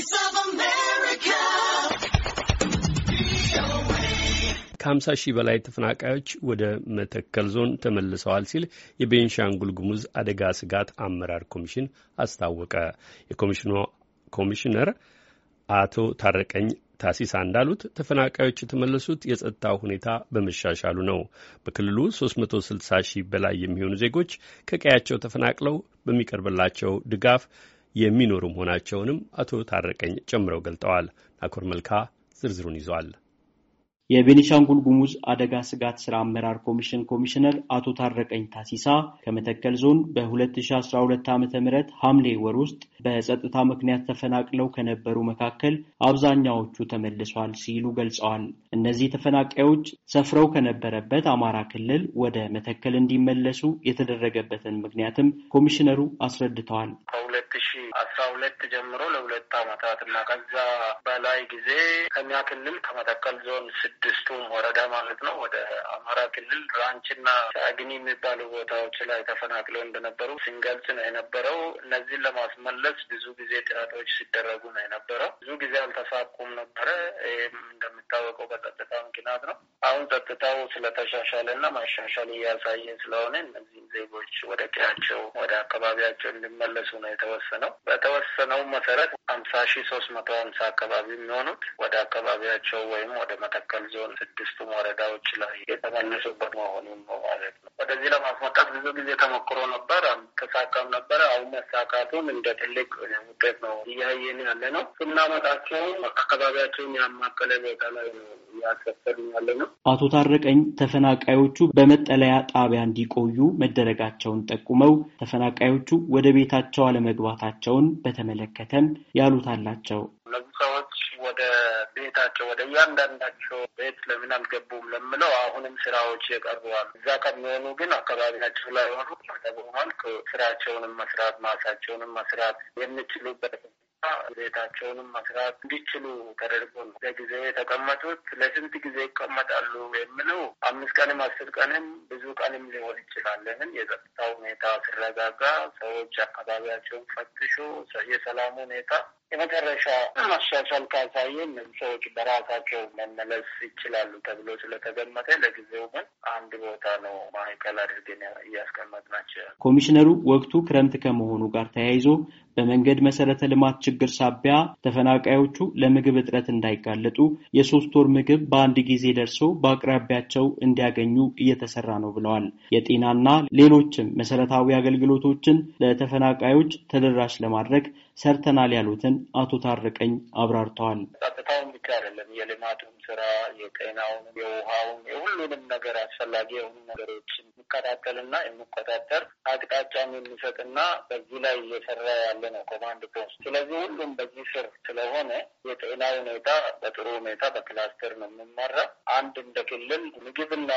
Voice of America. ከሀምሳ ሺህ በላይ ተፈናቃዮች ወደ መተከል ዞን ተመልሰዋል ሲል የቤንሻንጉል ጉሙዝ አደጋ ስጋት አመራር ኮሚሽን አስታወቀ። የኮሚሽኑ ኮሚሽነር አቶ ታረቀኝ ታሲሳ እንዳሉት ተፈናቃዮች የተመለሱት የጸጥታ ሁኔታ በመሻሻሉ ነው። በክልሉ 360 ሺህ በላይ የሚሆኑ ዜጎች ከቀያቸው ተፈናቅለው በሚቀርብላቸው ድጋፍ የሚኖሩ መሆናቸውንም አቶ ታረቀኝ ጨምረው ገልጠዋል። ናኮር መልካ ዝርዝሩን ይዟል። የቤኒሻንጉል ጉሙዝ አደጋ ስጋት ስራ አመራር ኮሚሽን ኮሚሽነር አቶ ታረቀኝ ታሲሳ ከመተከል ዞን በ2012 ዓ ም ሐምሌ ወር ውስጥ በጸጥታ ምክንያት ተፈናቅለው ከነበሩ መካከል አብዛኛዎቹ ተመልሰዋል ሲሉ ገልጸዋል። እነዚህ ተፈናቃዮች ሰፍረው ከነበረበት አማራ ክልል ወደ መተከል እንዲመለሱ የተደረገበትን ምክንያትም ኮሚሽነሩ አስረድተዋል። ከሁለት ሺ አስራ ሁለት ጀምሮ ለሁለት አመታት እና ከዛ በላይ ጊዜ ከኛ ክልል ከመተከል ዞን ስድስቱም ወረዳ ማለት ነው ወደ አማራ ክልል ራንችና ሳግኒ የሚባሉ ቦታዎች ላይ ተፈናቅለው እንደነበሩ ስንገልጽ ነው የነበረው። እነዚህን ለማስመለስ ብዙ ጊዜ ጥረቶች ሲደረጉ ነው የነበረው። ብዙ ጊዜ አልተሳኩም ነበረ። ይህም እንደሚታወቀው በጸጥታ ምክንያት ነው። አሁን ጸጥታው ስለተሻሻለና ማሻሻል እያሳየ ስለሆነ እነዚህ ዜጎች ወደ ቀያቸው ወደ አካባቢያቸው እንዲመለሱ ነው የተወሰነው። በተወሰነው መሰረት ሀምሳ ሺህ ሶስት መቶ ሀምሳ አካባቢ የሚሆኑት ወደ አካባቢያቸው ወይም ወደ መተከል መተከል ዞን ስድስቱም ወረዳዎች ላይ የተመለሱበት መሆኑን ነው ማለት ነው። ወደዚህ ለማስመጣት ብዙ ጊዜ ተሞክሮ ነበር፣ ተሳካም ነበረ። አሁን መሳካቱን እንደ ትልቅ ውጤት ነው እያየን ያለ ነው። ስናመጣቸውም አካባቢያቸውን ያማከለ ቦታ ላይ ነው ያለ ነው። አቶ ታረቀኝ ተፈናቃዮቹ በመጠለያ ጣቢያ እንዲቆዩ መደረጋቸውን ጠቁመው ተፈናቃዮቹ ወደ ቤታቸው አለመግባታቸውን በተመለከተም ያሉት አላቸው። ቤታቸው ወደ እያንዳንዳቸው ቤት ለምን አልገቡም ለምለው አሁንም ስራዎች የቀርበዋል። እዛ ከሚሆኑ ግን አካባቢያቸው ላይ ሆኑ ተበሆል ስራቸውንም መስራት ማሳቸውንም መስራት የሚችሉበት ቤታቸውንም መስራት እንዲችሉ ተደርጎ ነው ለጊዜ የተቀመጡት። ለስንት ጊዜ ይቀመጣሉ የሚለው አምስት ቀንም አስር ቀንም ብዙ ቀንም ሊሆን ይችላል። ለምን የጸጥታ ሁኔታ ሲረጋጋ ሰዎች አካባቢያቸውን ፈትሾ የሰላም ሁኔታ የመጨረሻ ማሻሻል ካሳየ እነዚህ ሰዎች በራሳቸው መመለስ ይችላሉ ተብሎ ስለተገመተ ለጊዜው ግን አንድ ቦታ ነው ማዕከል አድርገን ናቸው። ኮሚሽነሩ ወቅቱ ክረምት ከመሆኑ ጋር ተያይዞ በመንገድ መሰረተ ልማት ችግር ሳቢያ ተፈናቃዮቹ ለምግብ እጥረት እንዳይጋለጡ የሶስት ወር ምግብ በአንድ ጊዜ ደርሶ በአቅራቢያቸው እንዲያገኙ እየተሰራ ነው ብለዋል። የጤናና ሌሎችም መሰረታዊ አገልግሎቶችን ለተፈናቃዮች ተደራሽ ለማድረግ ሰርተናል ያሉትን አቶ ታረቀኝ አብራርተዋል። ጸጥታውን ብቻ አይደለም፣ የልማቱም ስራ፣ የጤናውን፣ የውሃውን፣ የሁሉንም ነገር አስፈላጊ የሆኑ ነገሮች የሚከታተልና የሚቆጣጠር አቅጣጫም የሚሰጥና በዚህ ላይ እየሰራ ያለ ያለ ነው ኮማንድ ፖስት። ስለዚህ ሁሉም በዚህ ስር ስለሆነ የጤና ሁኔታ በጥሩ ሁኔታ በክላስተር ነው የምንመራ። አንድ እንደ ክልል ምግብና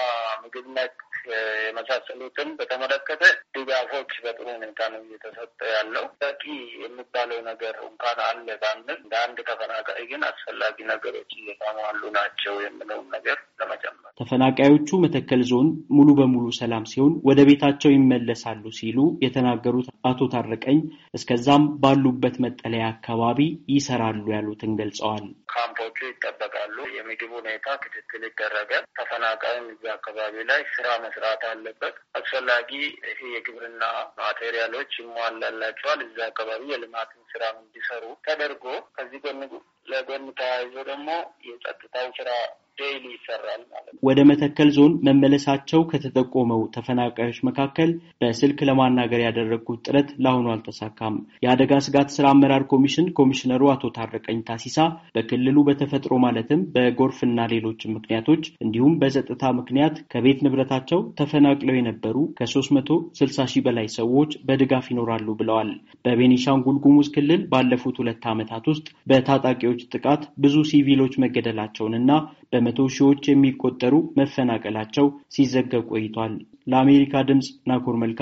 ምግብነት የመሳሰሉትን በተመለከተ ድጋፎች በጥሩ ሁኔታ ነው እየተሰጠ ያለው። በቂ የሚባለው ነገር እንኳን አለ ባንል እንደ አንድ ተፈናቃይ ግን አስፈላጊ ነገሮች እየተሟሉ ናቸው የምለውን ነገር ለመጨመር ተፈናቃዮቹ መተከል ዞን ሙሉ በሙሉ ሰላም ሲሆን ወደ ቤታቸው ይመለሳሉ ሲሉ የተናገሩት አቶ ታረቀኝ እስከዛም ባሉበት መጠለያ አካባቢ ይሰራሉ ያሉትን ገልጸዋል። ካምፖቹ ይጠበቃሉ። የምግብ ሁኔታ ክትትል ይደረጋል። ተፈናቃይም እዚያ አካባቢ ላይ ስራ ስርዓት አለበት። አስፈላጊ ይሄ የግብርና ማቴሪያሎች ይሟላላቸዋል። እዚ አካባቢ የልማትን ስራ እንዲሰሩ ተደርጎ ከዚህ ጎን ለጎን ተያይዞ ደግሞ የጸጥታው ስራ ዴይሊ ይሰራል ማለት ነው። ወደ መተከል ዞን መመለሳቸው ከተጠቆመው ተፈናቃዮች መካከል በስልክ ለማናገር ያደረግኩት ጥረት ለአሁኑ አልተሳካም። የአደጋ ስጋት ስራ አመራር ኮሚሽን ኮሚሽነሩ አቶ ታረቀኝ ታሲሳ በክልሉ በተፈጥሮ ማለትም በጎርፍና ሌሎች ምክንያቶች እንዲሁም በጸጥታ ምክንያት ከቤት ንብረታቸው ተፈናቅለው የነበሩ ከሶስት መቶ ስልሳ ሺህ በላይ ሰዎች በድጋፍ ይኖራሉ ብለዋል። በቤኒሻንጉል ጉሙዝ ክልል ባለፉት ሁለት ዓመታት ውስጥ በታጣቂዎች በአሸባሪዎች ጥቃት ብዙ ሲቪሎች መገደላቸውንና በመቶ ሺዎች የሚቆጠሩ መፈናቀላቸው ሲዘገብ ቆይቷል። ለአሜሪካ ድምፅ ናኮር መልካ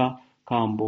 ካምቦ